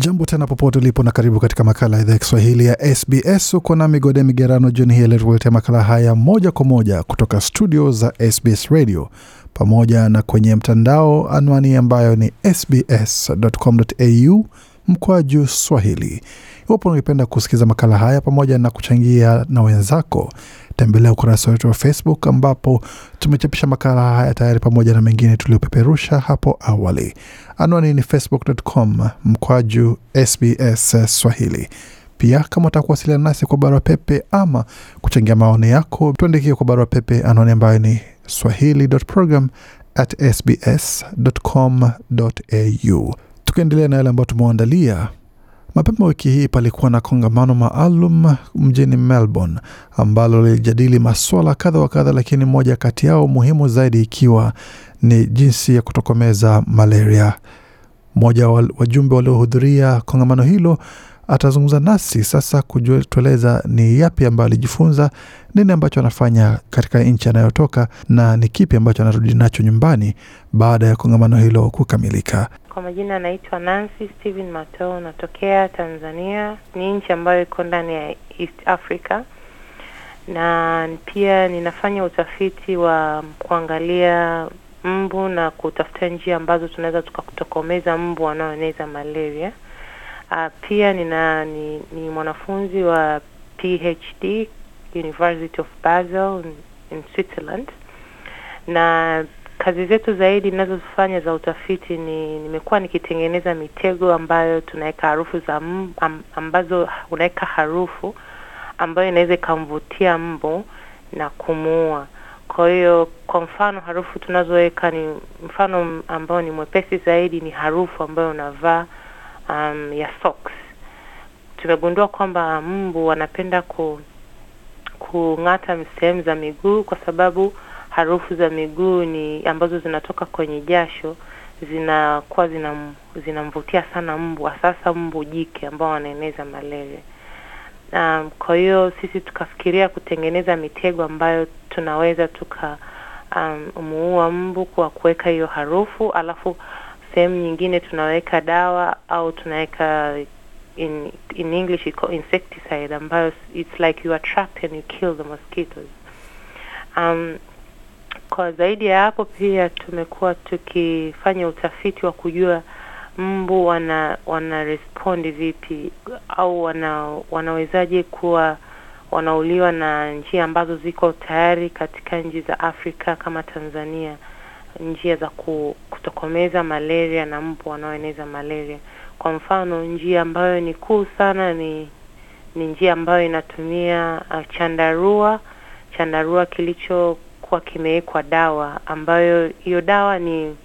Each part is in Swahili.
Jambo tena popote ulipo na karibu katika makala ya idhaa ya Kiswahili ya SBS. Uko na Migode Migerano jioni hii aliyotukuletea makala haya moja kwa moja kutoka studio za SBS Radio pamoja na kwenye mtandao, anwani ambayo ni sbs.com.au mkwaju swahili. Iwapo ungependa kusikiza makala haya pamoja na kuchangia na wenzako, tembelea ukurasa wetu wa Facebook ambapo tumechapisha makala haya tayari pamoja na mengine tuliopeperusha hapo awali. Anwani ni facebook.com mkwaju SBS Swahili. Pia kama utakuwasiliana nasi kwa barua pepe ama kuchangia maoni yako, tuandikie kwa barua pepe, anwani ambayo ni swahili.program at sbs.com.au. na yale ambayo tumewaandalia Mapema wiki hii palikuwa na kongamano maalum mjini Melbourne ambalo lilijadili maswala kadha wa kadha, lakini moja kati yao muhimu zaidi ikiwa ni jinsi ya kutokomeza malaria. Mmoja wa wajumbe waliohudhuria kongamano hilo atazungumza nasi sasa kutueleza ni yapi ambayo alijifunza, nini ambacho anafanya katika nchi anayotoka, na ni kipi ambacho anarudi nacho nyumbani baada ya kongamano hilo kukamilika kwa majina anaitwa Nancy Steven Matoo, natokea Tanzania. Ni nchi ambayo iko ndani ya East Africa, na pia ninafanya utafiti wa kuangalia mbu na kutafuta njia ambazo tunaweza tukatokomeza mbu wanaoeneza malaria. A, ah, pia nina ni, ni mwanafunzi wa PhD University of Basel in Switzerland na Kazi zetu zaidi ninazozifanya za utafiti ni nimekuwa nikitengeneza mitego ambayo tunaweka harufu za m, ambazo unaweka harufu ambayo inaweza ikamvutia mbu na kumuua. Kwa hiyo kwa mfano harufu tunazoweka ni mfano ambao ni mwepesi zaidi ni harufu ambayo unavaa um, ya socks. Tumegundua kwamba mbu wanapenda ku kung'ata sehemu za miguu kwa sababu harufu za miguu ni ambazo zinatoka kwenye jasho zinakuwa zinam, zinamvutia sana mbu, sasa mbu jike ambao wanaeneza malaria. Um, kwa hiyo sisi tukafikiria kutengeneza mitego ambayo tunaweza tuka um, muua mbu kwa kuweka hiyo harufu, alafu sehemu nyingine tunaweka dawa au tunaweka in, in English insecticide ambayo it's like you are trapped and you kill the mosquitoes. Um, kwa zaidi ya hapo, pia tumekuwa tukifanya utafiti wa kujua mbu wana wana respond vipi au wana wanawezaje kuwa wanauliwa na njia ambazo ziko tayari katika nchi za Afrika kama Tanzania, njia za kutokomeza malaria na mbu wanaoeneza malaria. Kwa mfano, njia ambayo ni kuu sana ni ni njia ambayo inatumia uh, chandarua chandarua kilicho kimekuwa kimewekwa dawa ambayo hiyo dawa ni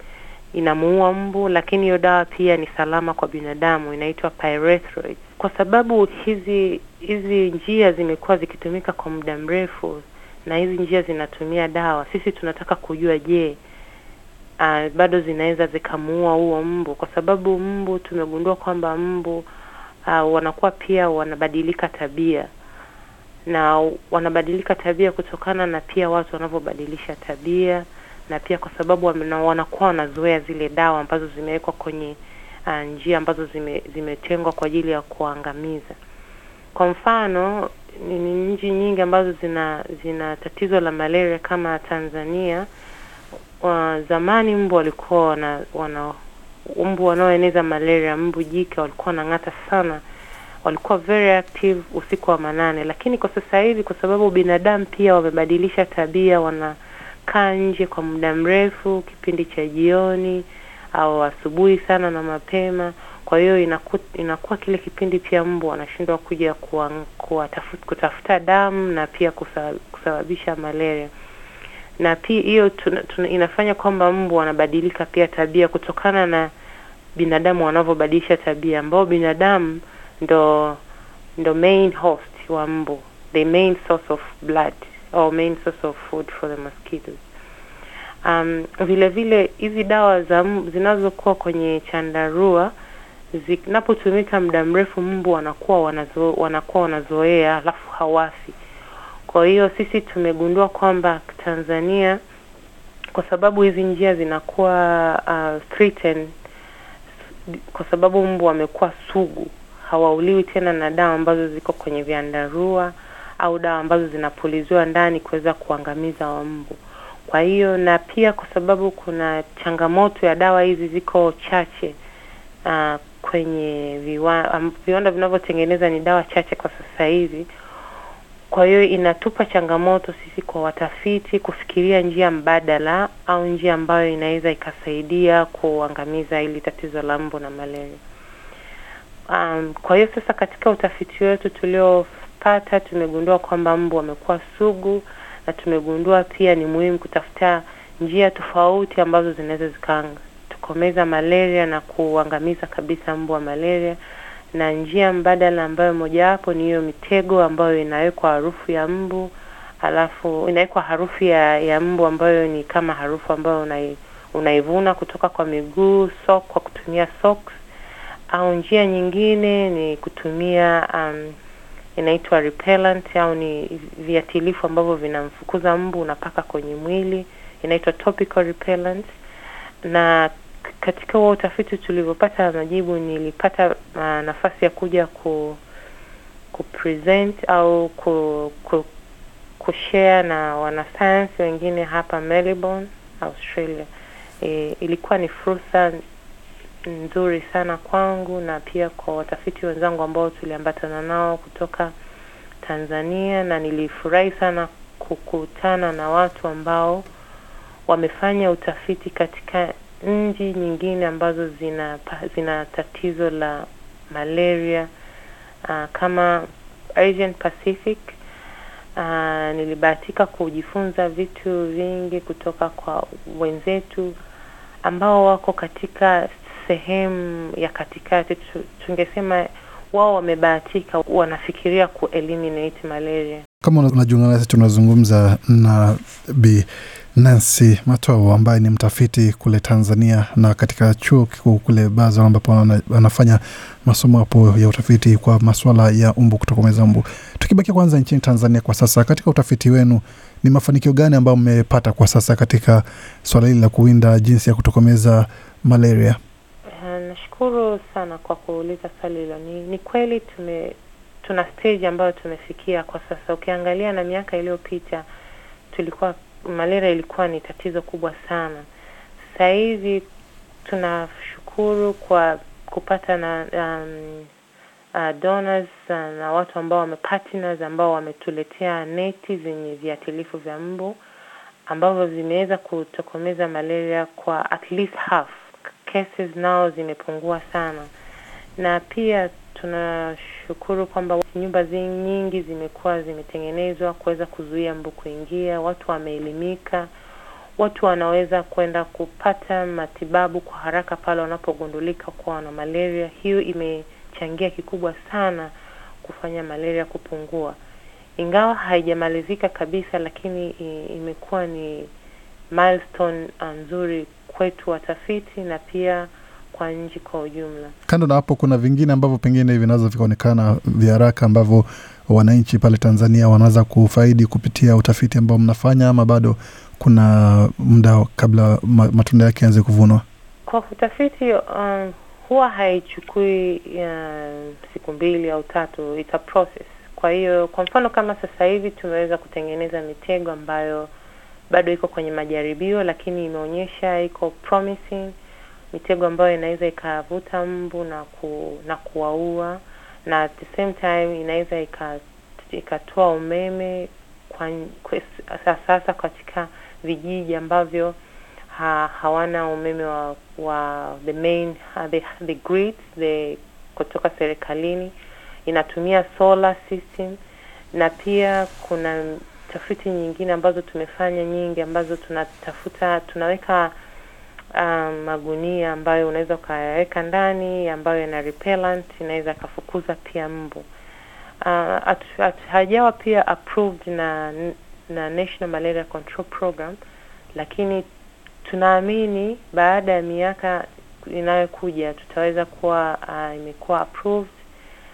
inamuua mbu, lakini hiyo dawa pia ni salama kwa binadamu, inaitwa pyrethroid. Kwa sababu hizi hizi njia zimekuwa zikitumika kwa muda mrefu na hizi njia zinatumia dawa, sisi tunataka kujua, je, uh, bado zinaweza zikamuua huo mbu? Kwa sababu mbu tumegundua kwamba mbu uh, wanakuwa pia wanabadilika tabia na wanabadilika tabia kutokana na pia watu wanavyobadilisha tabia na pia kwa sababu wanakuwa wanazoea zile dawa ambazo zimewekwa kwenye uh, njia ambazo zime, zimetengwa kwa ajili ya kuangamiza. Kwa mfano ni nchi nyingi ambazo zina zina tatizo la malaria kama Tanzania. Wa uh, zamani mbu walikuwa wana, wana mbu wanaoeneza malaria, mbu jike walikuwa wanang'ata sana walikuwa very active usiku wa manane, lakini kwa sasa hivi kwa sababu binadamu pia wamebadilisha tabia, wanakaa nje kwa muda mrefu, kipindi cha jioni au asubuhi sana na mapema. Kwa hiyo inaku, inakuwa kile kipindi pia mbu wanashindwa kuja kutafuta, kutafuta damu na pia kusababisha malaria na pia hiyo inafanya kwamba mbu wanabadilika pia tabia kutokana na binadamu wanavyobadilisha tabia, ambao binadamu ndo ndo main host wa mbu, the main source of blood or main source of food for the mosquitoes. Um, vile vile hizi dawa za zinazokuwa kwenye chandarua zinapotumika muda mrefu mbu wanakuwa wanazo, wanakuwa wanazoea alafu hawafi. Kwa hiyo sisi tumegundua kwamba Tanzania kwa sababu hizi njia zinakuwa uh, kwa sababu mbu amekuwa sugu hawauliwi tena na dawa ambazo ziko kwenye vyandarua au dawa ambazo zinapuliziwa ndani kuweza kuangamiza mbu. Kwa hiyo na pia kwa sababu kuna changamoto ya dawa hizi ziko chache uh, kwenye viwa, um, viwanda vinavyotengeneza ni dawa chache kwa sasa hivi. Kwa hiyo inatupa changamoto sisi kwa watafiti kufikiria njia mbadala au njia ambayo inaweza ikasaidia kuangamiza hili tatizo la mbu na malaria. Um, kwa hiyo sasa katika utafiti wetu tuliopata tumegundua kwamba mbu wamekuwa sugu na tumegundua pia ni muhimu kutafuta njia tofauti ambazo zinaweza zikatokomeza malaria na kuangamiza kabisa mbu wa malaria, na njia mbadala ambayo mojawapo ni hiyo mitego ambayo inawekwa harufu ya mbu alafu inawekwa harufu ya, ya mbu ambayo ni kama harufu ambayo unai, unaivuna kutoka kwa miguu sok, kwa kutumia socks au njia nyingine ni kutumia um, inaitwa repellent au ni viatilifu ambavyo vinamfukuza mbu unapaka kwenye mwili inaitwa topical repellent na katika huo utafiti tulivyopata majibu nilipata uh, nafasi ya kuja ku kupresent au ku, ku, kushare na wanasayansi wengine hapa Melbourne, Australia. E, ilikuwa ni fursa nzuri sana kwangu na pia kwa watafiti wenzangu ambao tuliambatana nao kutoka Tanzania, na nilifurahi sana kukutana na watu ambao wamefanya utafiti katika nchi nyingine ambazo zina zina tatizo la malaria uh, kama Asian Pacific. Uh, nilibahatika kujifunza vitu vingi kutoka kwa wenzetu ambao wako katika sehemu ya katikati, tungesema wao wamebahatika, wanafikiria ku malaria. Kama unajiunga nasi, tunazungumza na Bi Nancy Matoo ambaye ni mtafiti kule Tanzania na katika chuo kikuu kule Basel ambapo anafanya masomo hapo ya utafiti kwa maswala ya umbu kutokomeza mbu. Tukibakia kwanza nchini Tanzania kwa sasa, katika utafiti wenu ni mafanikio gani ambayo mmepata kwa sasa katika swala hili la kuwinda jinsi ya kutokomeza malaria? Nashukuru sana kwa kuuliza swali hilo. Ni, ni kweli tume tuna stage ambayo tumefikia kwa sasa. Ukiangalia na miaka iliyopita tulikuwa malaria ilikuwa ni tatizo kubwa sana. Sasa hivi tunashukuru kwa kupata na um, uh, donors uh, na watu ambao wame ambao wametuletea neti zenye viatilifu vya mbu ambavyo vimeweza kutokomeza malaria kwa at least half cases nao zimepungua sana, na pia tunashukuru kwamba nyumba nyingi zimekuwa zimetengenezwa kuweza kuzuia mbu kuingia. Watu wameelimika, watu wanaweza kwenda kupata matibabu kwa haraka pale wanapogundulika kuwa wana malaria. Hiyo imechangia kikubwa sana kufanya malaria kupungua, ingawa haijamalizika kabisa, lakini imekuwa ni milestone uh, nzuri kwetu watafiti na pia kwa nchi kwa ujumla. Kando na hapo, kuna vingine ambavyo pengine vinaweza vikaonekana vya haraka ambavyo wananchi pale Tanzania wanaweza kufaidi kupitia utafiti ambao mnafanya, ama bado kuna muda kabla matunda yake yaanze kuvunwa? Kwa utafiti um, huwa haichukui um, siku mbili au tatu, ita process. Kwa hiyo kwa mfano kama sasa hivi tumeweza kutengeneza mitego ambayo bado iko kwenye majaribio, lakini imeonyesha iko promising, mitego ambayo inaweza ikavuta mbu na ku, na kuwaua, na at the same time inaweza ikatoa umeme kwa, kwa, sasa katika vijiji ambavyo ha, hawana umeme wa, wa the main the, the grid the kutoka serikalini inatumia solar system na pia kuna tafiti nyingine ambazo tumefanya nyingi ambazo tunatafuta tunaweka um, magunia ambayo unaweza ukayaweka ndani ambayo yana repellent inaweza akafukuza pia mbu uh, hajawa pia approved na na National Malaria Control Program, lakini tunaamini baada ya miaka inayokuja tutaweza kuwa uh, imekuwa approved,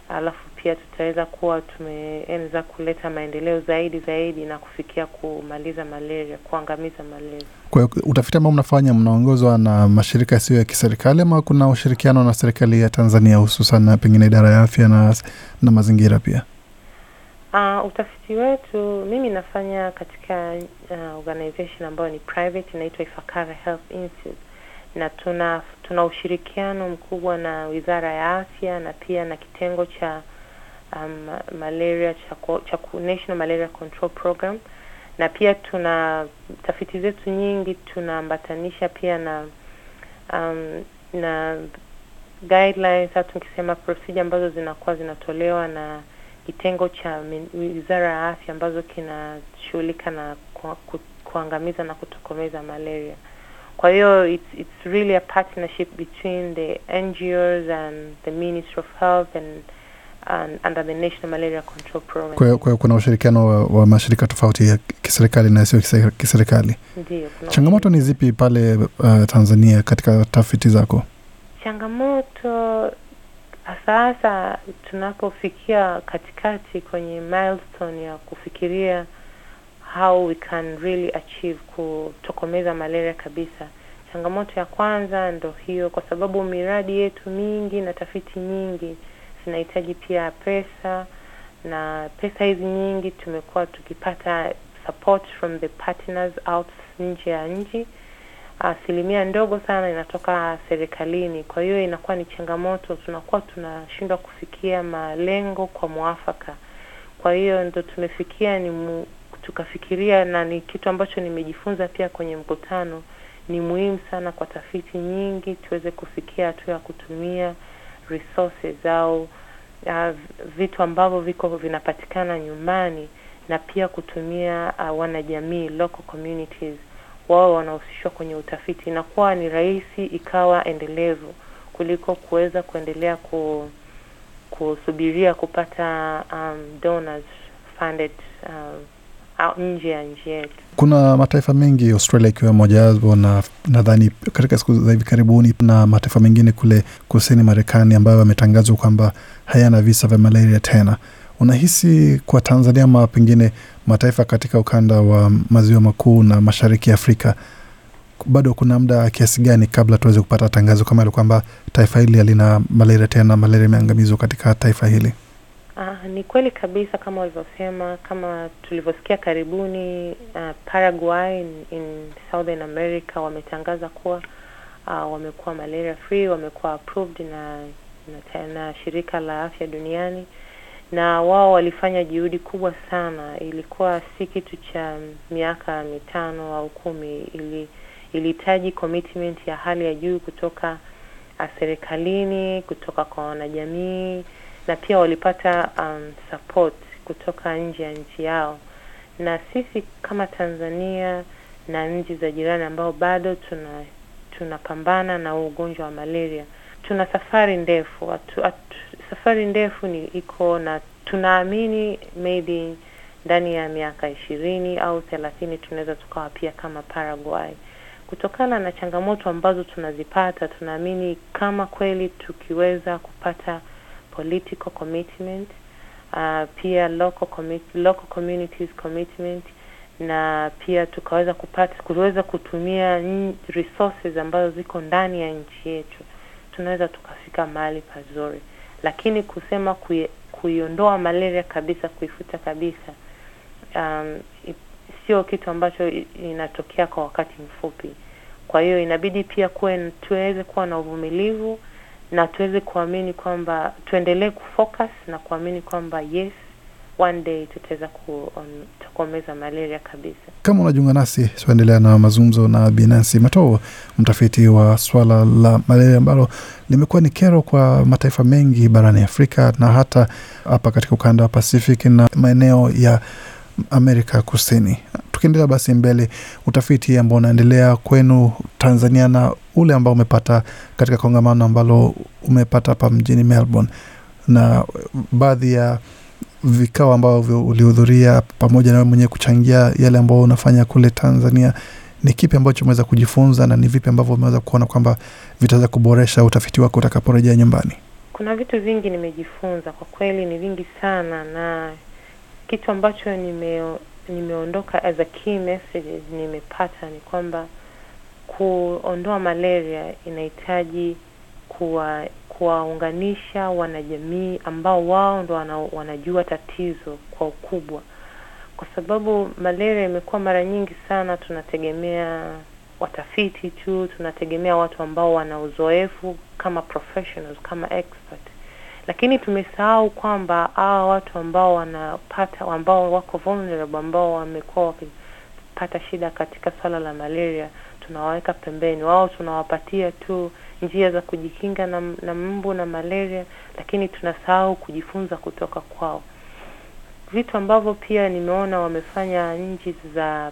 alafu pia tutaweza kuwa tumeweza kuleta maendeleo zaidi zaidi na kufikia kumaliza malaria, kuangamiza malaria. Kwa hiyo utafiti ambao mnafanya mnaongozwa na mashirika yasiyo ya kiserikali ama kuna ushirikiano na serikali ya Tanzania hususan pengine idara ya afya na, na mazingira pia? Uh, utafiti wetu mimi nafanya katika uh, organization ambayo ni private inaitwa Ifakara Health Institute na tuna tuna ushirikiano mkubwa na Wizara ya Afya na pia na kitengo cha um, malaria chako, chaku, National Malaria Control Program, na pia tuna tafiti zetu nyingi tunaambatanisha pia na um, na guidelines au tukisema procedure ambazo zinakuwa zinatolewa na kitengo cha Wizara ya Afya ambazo kinashughulika na ku, kuangamiza na kutokomeza malaria. Kwa hiyo it's, it's really a partnership between the NGOs and the Ministry of Health and And under the National Malaria Control Program. Kwa hiyo kuna ushirikiano wa, wa mashirika tofauti ya kiserikali na yasiyo kiserikali. Ndiyo. Changamoto ni zipi pale uh, Tanzania katika tafiti zako? Changamoto sasa tunapofikia katikati kwenye milestone ya kufikiria how we can really achieve kutokomeza malaria kabisa. Changamoto ya kwanza ndo hiyo, kwa sababu miradi yetu mingi na tafiti nyingi tunahitaji pia pesa, na pesa hizi nyingi tumekuwa tukipata support from the partners out nje ya nji Asilimia ndogo sana inatoka serikalini, kwa hiyo inakuwa ni changamoto, tunakuwa tunashindwa kufikia malengo kwa mwafaka. Kwa hiyo ndo tumefikia ni mu, tukafikiria na ni kitu ambacho nimejifunza pia kwenye mkutano, ni muhimu sana kwa tafiti nyingi tuweze kufikia hatua ya kutumia resources au uh, vitu ambavyo viko vinapatikana nyumbani na pia kutumia uh, wanajamii local communities wao wanahusishwa kwenye utafiti, inakuwa ni rahisi ikawa endelevu kuliko kuweza kuendelea ku, kusubiria kupata um, donors funded um, au nje ya nchi yetu. Kuna mataifa mengi Australia ikiwa mojawapo, na nadhani katika siku za hivi karibuni na mataifa mengine kule kusini Marekani ambayo yametangazwa kwamba hayana visa vya malaria tena. Unahisi kwa Tanzania ama pengine mataifa katika ukanda wa maziwa makuu na mashariki ya Afrika bado kuna muda kiasi gani kabla tuweze kupata tangazo kama kwamba taifa hili halina malaria tena, malaria imeangamizwa katika taifa hili? Uh, ni kweli kabisa kama walivyosema, kama tulivyosikia karibuni uh, Paraguay in, in Southern America wametangaza kuwa uh, wamekuwa malaria free, wamekuwa approved na, na, na shirika la afya duniani, na wao walifanya juhudi kubwa sana. Ilikuwa si kitu cha miaka mitano au kumi, ili ilihitaji commitment ya hali ya juu kutoka serikalini, kutoka kwa wanajamii na pia walipata um, support kutoka nje ya nchi yao, na sisi kama Tanzania na nchi za jirani ambao bado tuna tunapambana na ugonjwa wa malaria tuna safari ndefu atu, atu, safari ndefu ni iko na tunaamini maybe ndani ya miaka ishirini au thelathini tunaweza tukawa pia kama Paraguay kutokana na changamoto ambazo tunazipata. Tunaamini kama kweli tukiweza kupata political commitment uh, pia local, commi local communities commitment na pia tukaweza kupata kuweza kutumia resources ambazo ziko ndani ya nchi yetu, tunaweza tukafika mahali pazuri, lakini kusema kuiondoa malaria kabisa, kuifuta kabisa, um, sio kitu ambacho inatokea kwa wakati mfupi. Kwa hiyo inabidi pia kuwe tuweze kuwa na uvumilivu na tuweze kuamini kwamba tuendelee kufocus na kuamini kwamba yes one day tutaweza kutokomeza um, malaria kabisa. Kama unajiunga nasi, tunaendelea na mazungumzo na Binansi Matoo, mtafiti wa swala la malaria ambalo limekuwa ni kero kwa mataifa mengi barani Afrika na hata hapa katika ukanda wa Pacific na maeneo ya Amerika Kusini. Tukiendelea basi mbele, utafiti ambao unaendelea kwenu Tanzania na ule ambao umepata katika kongamano ambalo umepata hapa mjini Melbourne na baadhi ya vikao ambavyo ulihudhuria pamoja nawe mwenyewe kuchangia yale ambao unafanya kule Tanzania, ni kipi ambacho umeweza kujifunza na ni vipi ambavyo umeweza kuona kwamba vitaweza kuboresha utafiti wako utakaporejea nyumbani? Kuna vitu vingi nimejifunza kwa kweli, ni vingi sana, na kitu ambacho nime nimeondoka as a key message nimepata ni kwamba kuondoa malaria inahitaji kuwa kuwaunganisha wanajamii ambao wao ndo wana, wanajua tatizo kwa ukubwa, kwa sababu malaria imekuwa mara nyingi sana tunategemea watafiti tu, tunategemea watu ambao wana uzoefu kama professionals, kama expert lakini tumesahau kwamba hawa watu ambao wanapata ambao wako vulnerable, ambao wamekuwa wakipata shida katika swala la malaria tunawaweka pembeni, wao tunawapatia tu njia za kujikinga na, na mbu na malaria, lakini tunasahau kujifunza kutoka kwao. Vitu ambavyo pia nimeona wamefanya nchi za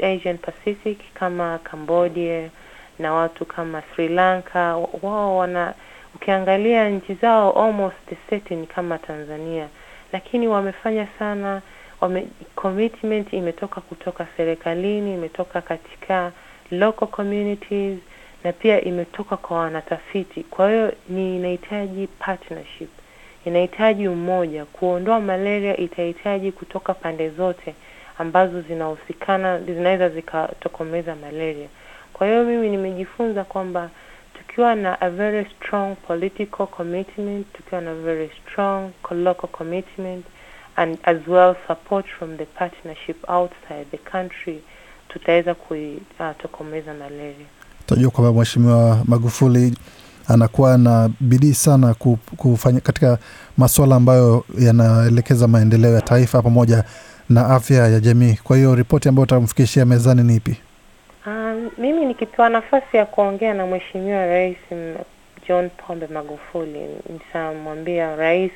Asian Pacific kama Cambodia na watu kama Sri Lanka, wao wana ukiangalia nchi zao almost certain kama Tanzania, lakini wamefanya sana wame, commitment imetoka kutoka serikalini, imetoka katika local communities na pia imetoka kwa wanatafiti. Kwa hiyo ni inahitaji partnership, inahitaji umoja. Kuondoa malaria itahitaji kutoka pande zote ambazo zinahusikana, zinaweza zikatokomeza malaria. Kwa hiyo mimi nimejifunza kwamba tukiwa na a very strong political commitment, tukiwa na very strong local commitment and as well support from the partnership outside the country, tutaweza kutokomeza uh, malaria. Tunajua kwamba Mheshimiwa Magufuli anakuwa na bidii sana kufanya katika masuala ambayo yanaelekeza maendeleo ya taifa pamoja na afya ya jamii. Kwa hiyo ripoti ambayo utamfikishia mezani ni ipi? Um, mimi nikipewa nafasi ya kuongea na Mheshimiwa Rais mm, John Pombe Magufuli nitamwambia rais,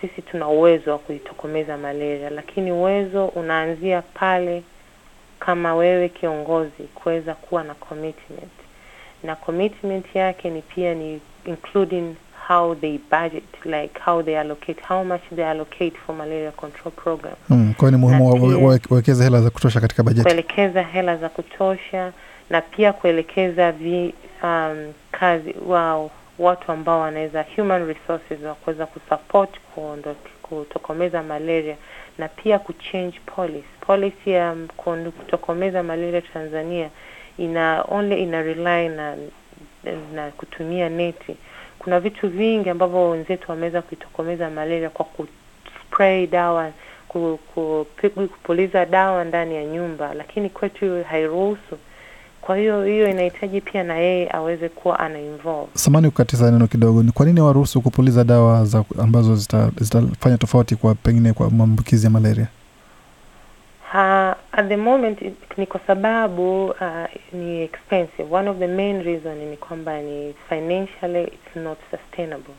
sisi tuna uwezo wa kuitokomeza malaria, lakini uwezo unaanzia pale kama wewe kiongozi kuweza kuwa na commitment, na commitment yake ni pia ni including how they budget like how they allocate how much they allocate for malaria control program mm, kwa ni muhimu wawekeze hela za kutosha katika bajeti kuelekeza hela za kutosha na pia kuelekeza vi, um, kazi wao watu ambao wanaweza human resources wa kuweza kusupport kutokomeza malaria na pia kuchange policy policy ya um, kutokomeza malaria Tanzania ina only ina rely na na kutumia neti kuna vitu vingi ambavyo wenzetu wameweza kuitokomeza malaria kwa kuspray dawa kupuliza dawa ndani ya nyumba, lakini kwetu hairuhusu. Kwa hiyo hiyo inahitaji pia na yeye aweze kuwa ana involve. Samani kukatiza neno kidogo, ni kwa nini waruhusu kupuliza dawa za ambazo zitafanya zita tofauti kwa pengine kwa maambukizi ya malaria? ha At the moment ni kwa sababu uh, ni expensive. One of the main reason ni kwamba ni financially it's not sustainable.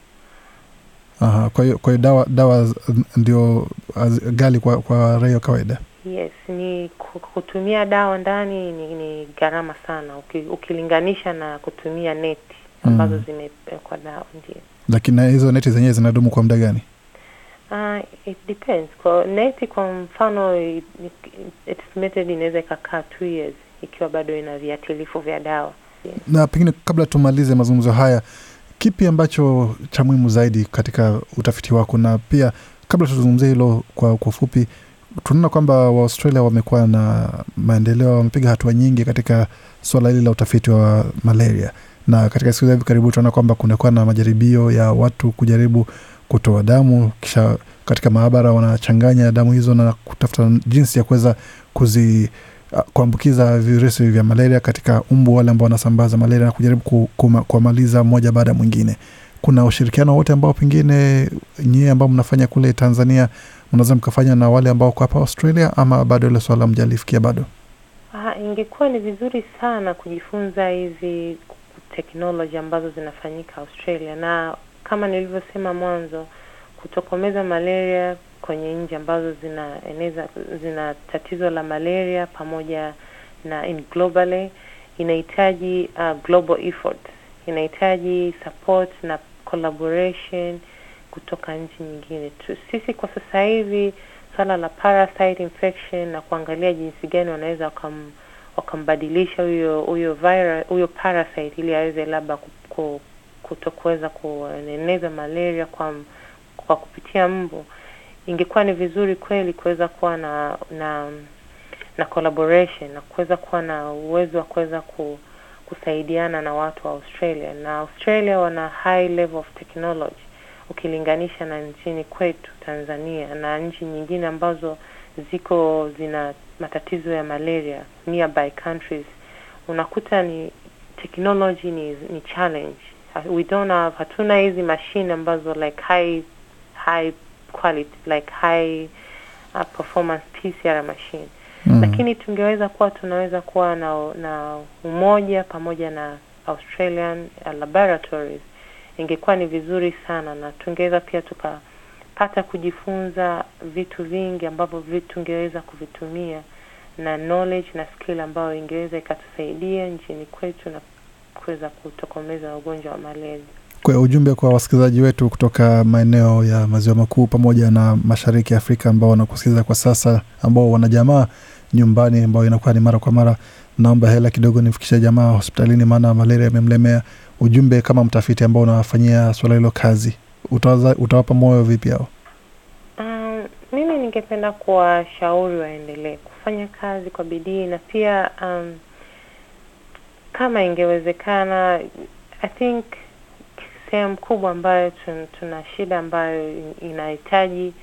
Aha, kwa hiyo kwa hiyo dawa dawa ndio uh, gali kwa, kwa raia kawaida. Yes, ni kutumia dawa ndani ni, ni gharama sana uki, ukilinganisha na kutumia neti ambazo mm. zimewekwa dawa ndio. Lakini hizo neti zenyewe zinadumu kwa muda gani? Uh, it depends. Kwa neti kwa mfano method inaweza ikakaa two years ikiwa bado ina viatilifu vya dawa. Yes. Na pengine kabla tumalize mazungumzo haya, kipi ambacho cha muhimu zaidi katika utafiti wako, na pia kabla tuzungumzie hilo kwa, kwa ufupi, tunaona kwamba Waaustralia wamekuwa na maendeleo, wamepiga hatua nyingi katika suala hili la utafiti wa malaria, na katika siku za hivi karibuni tunaona kwamba kunakuwa na majaribio ya watu kujaribu kutoa damu, kisha katika maabara wanachanganya damu hizo na kutafuta jinsi ya kuweza kuzi ah, kuambukiza virusi vya malaria katika umbu wale ambao wanasambaza malaria na kujaribu kuwamaliza mmoja baada ya mwingine. Kuna ushirikiano wote ambao pengine nyie ambao mnafanya kule Tanzania mnaweza mkafanya na wale ambao kwa hapa Australia, ama bado ile swala mjalifikia bado? Ah, ingekuwa ni vizuri sana kujifunza hizi teknoloji ambazo zinafanyika Australia na kama nilivyosema mwanzo, kutokomeza malaria kwenye nchi ambazo zinaeneza zina tatizo la malaria pamoja na in globally inahitaji uh, global effort, inahitaji support na collaboration kutoka nchi nyingine tu. Sisi kwa sasa hivi swala la parasite infection na kuangalia jinsi gani wanaweza wakam, wakambadilisha huyo huyo virus huyo parasite ili aweze labda kutokuweza kueneza malaria kwa, kwa kupitia mbu, ingekuwa ni vizuri kweli kuweza kuwa na na na collaboration na kuweza kuwa na uwezo wa kuweza ku, kusaidiana na watu wa Australia na Australia wana high level of technology ukilinganisha na nchini kwetu Tanzania na nchi nyingine ambazo ziko zina matatizo ya malaria nearby countries, unakuta ni technology ni, ni challenge we don't have hatuna hizi machine ambazo like high high quality like high uh, performance PCR machine mm. Lakini tungeweza kuwa tunaweza kuwa na, na umoja pamoja na Australian uh, laboratories ingekuwa ni vizuri sana, na tungeweza pia tukapata kujifunza vitu vingi ambavyo tungeweza kuvitumia na knowledge na skill ambayo ingeweza ikatusaidia nchini kwetu na kuweza kutokomeza ugonjwa wa malaria. Kwa ujumbe kwa wasikilizaji wetu kutoka maeneo ya maziwa makuu pamoja na mashariki ya Afrika ambao wanakusikiliza kwa sasa, ambao wana jamaa nyumbani, ambao inakuwa ni mara kwa mara, naomba hela kidogo nifikishe jamaa hospitalini, maana malaria yamemlemea. Ujumbe kama mtafiti ambao unawafanyia suala hilo kazi, utawaza, utawapa moyo vipi hao? Um, ningependa kuwashauri waendelee kufanya kazi kwa bidii na pia um, kama ingewezekana, I think sehemu kubwa ambayo tun, tuna shida ambayo inahitaji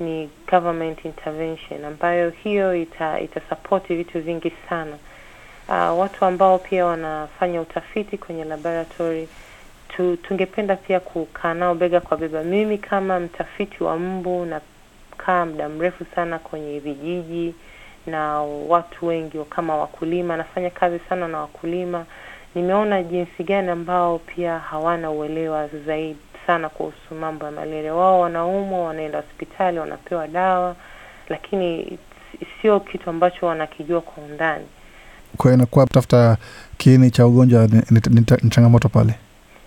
ni government intervention ambayo hiyo ita, itasapoti vitu vingi sana. Uh, watu ambao pia wanafanya utafiti kwenye laboratory tu, tungependa pia kukaa nao bega kwa bega. Mimi kama mtafiti wa mbu nakaa muda mrefu sana kwenye vijiji na watu wengi kama wakulima, nafanya kazi sana na wakulima. Nimeona jinsi gani ambao pia hawana uelewa zaidi sana kuhusu mambo ya malaria. Wao wanaumwa, wanaenda hospitali, wanapewa dawa, lakini sio kitu ambacho wanakijua kwa undani. Kwa hiyo inakuwa kutafuta kiini cha ugonjwa ni changamoto pale.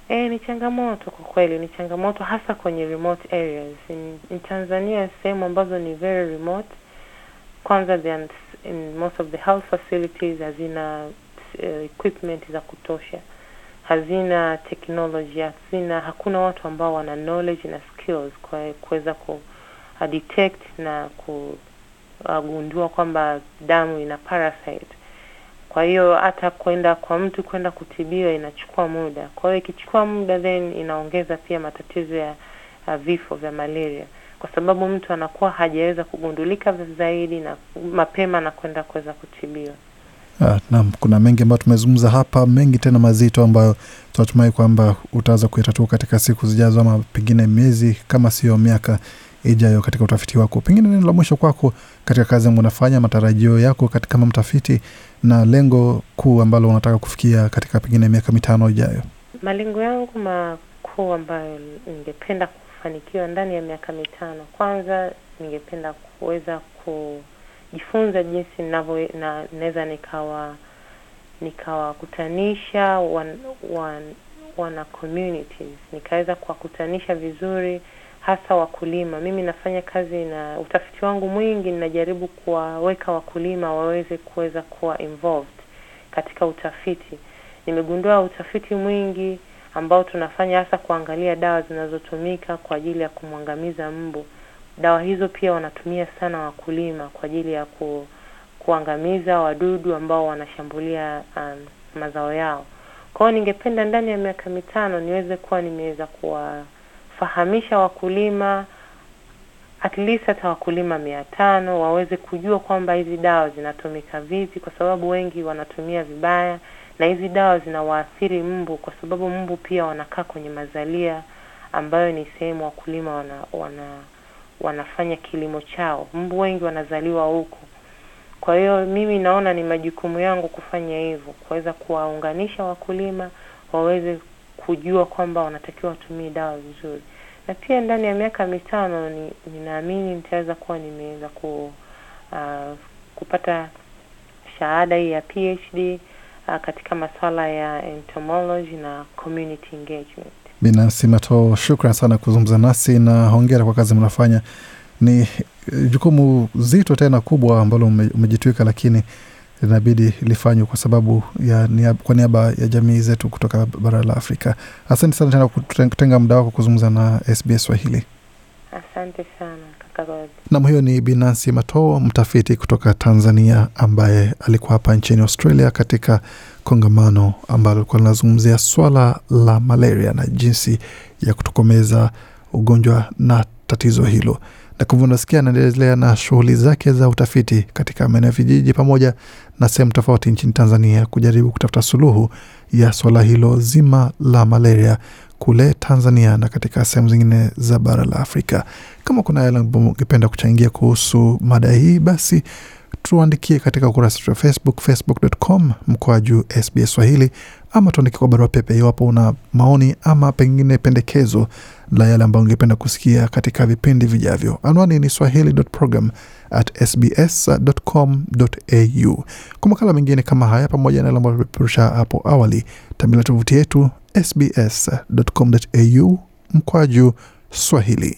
E, ni changamoto kwa kweli, ni changamoto hasa kwenye remote areas. In, in Tanzania sehemu ambazo ni very remote kwanza they are in most of the health facilities hazina uh, equipment za kutosha, hazina technology, hazina hakuna watu ambao wana knowledge na skills kwa kuweza ku uh, detect na kugundua uh, kwamba damu ina parasite. Kwa hiyo hata kwenda kwa mtu kwenda kutibiwa inachukua muda. Kwa hiyo ikichukua muda, then inaongeza pia matatizo ya uh, vifo vya malaria kwa sababu mtu anakuwa hajaweza kugundulika zaidi na mapema na kwenda kuweza kutibiwa. Ah, naam, kuna mengi ambayo tumezungumza hapa, mengi tena mazito ambayo tunatumai kwamba utaweza kuyatatua katika siku zijazo, ama pengine miezi kama siyo miaka ijayo katika utafiti wako. Pengine neno la mwisho kwako katika kazi ambayo unafanya, matarajio yako katika kama mtafiti na lengo kuu ambalo unataka kufikia katika pengine miaka mitano ijayo. Malengo yangu makuu ambayo ningependa kufanikiwa ndani ya miaka mitano, kwanza ningependa kuweza kujifunza jinsi ninavyo na naweza nikawa nikawakutanisha wan, wana communities nikaweza kuwakutanisha vizuri, hasa wakulima. Mimi nafanya kazi na utafiti wangu mwingi, ninajaribu kuwaweka wakulima waweze kuweza kuwa involved katika utafiti. Nimegundua utafiti mwingi ambao tunafanya hasa kuangalia dawa zinazotumika kwa ajili ya kumwangamiza mbu. Dawa hizo pia wanatumia sana wakulima kwa ajili ya ku, kuangamiza wadudu ambao wanashambulia um, mazao yao. Kwa hiyo ningependa ndani ya miaka mitano niweze kuwa nimeweza kuwafahamisha wakulima at least hata wakulima mia tano waweze kujua kwamba hizi dawa zinatumika vipi, kwa sababu wengi wanatumia vibaya na hizi dawa zinawaathiri mbu kwa sababu mbu pia wanakaa kwenye mazalia ambayo ni sehemu wakulima wana, wana wanafanya kilimo chao. Mbu wengi wanazaliwa huko. Kwa hiyo mimi naona ni majukumu yangu kufanya hivyo, kuweza kuwaunganisha wakulima waweze kujua kwamba wanatakiwa watumie dawa vizuri, na pia ndani ya miaka mitano ni, ninaamini nitaweza kuwa nimeweza ku, uh, kupata shahada hii ya PhD uh, katika masuala ya entomology na community engagement. Binasi Mato, shukran sana kuzungumza nasi na hongera kwa kazi mnafanya. Ni eh, jukumu zito tena kubwa ambalo umejitwika, lakini linabidi lifanywe kwa sababu ya niab, kwa niaba ya jamii zetu kutoka bara la Afrika. Asante sana tena kutenga muda wako kuzungumza na SBS Swahili. Asante sana. Nam, huyo ni Binansi Matoo, mtafiti kutoka Tanzania ambaye alikuwa hapa nchini Australia katika kongamano ambalo likuwa linazungumzia swala la malaria na jinsi ya kutokomeza ugonjwa na tatizo hilo na kwa unasikia anaendelea na shughuli zake za utafiti katika maeneo ya vijiji pamoja na sehemu tofauti nchini Tanzania kujaribu kutafuta suluhu ya swala hilo zima la malaria kule Tanzania na katika sehemu zingine za bara la Afrika. Kama kuna yale ambao ungependa kuchangia kuhusu mada hii, basi tuandikie katika ukurasa wetu wa Facebook, facebook.com juu SBS Swahili, ama tuandikie kwa barua pepe iwapo una maoni ama pengine pendekezo la yale ambayo ungependa kusikia katika vipindi vijavyo. Anwani ni swahili.program at Kwa makala mengine kama haya pamoja na yale ambayo tumepeperusha hapo awali, tembelea tovuti yetu sbs.com.au mkwaju swahili.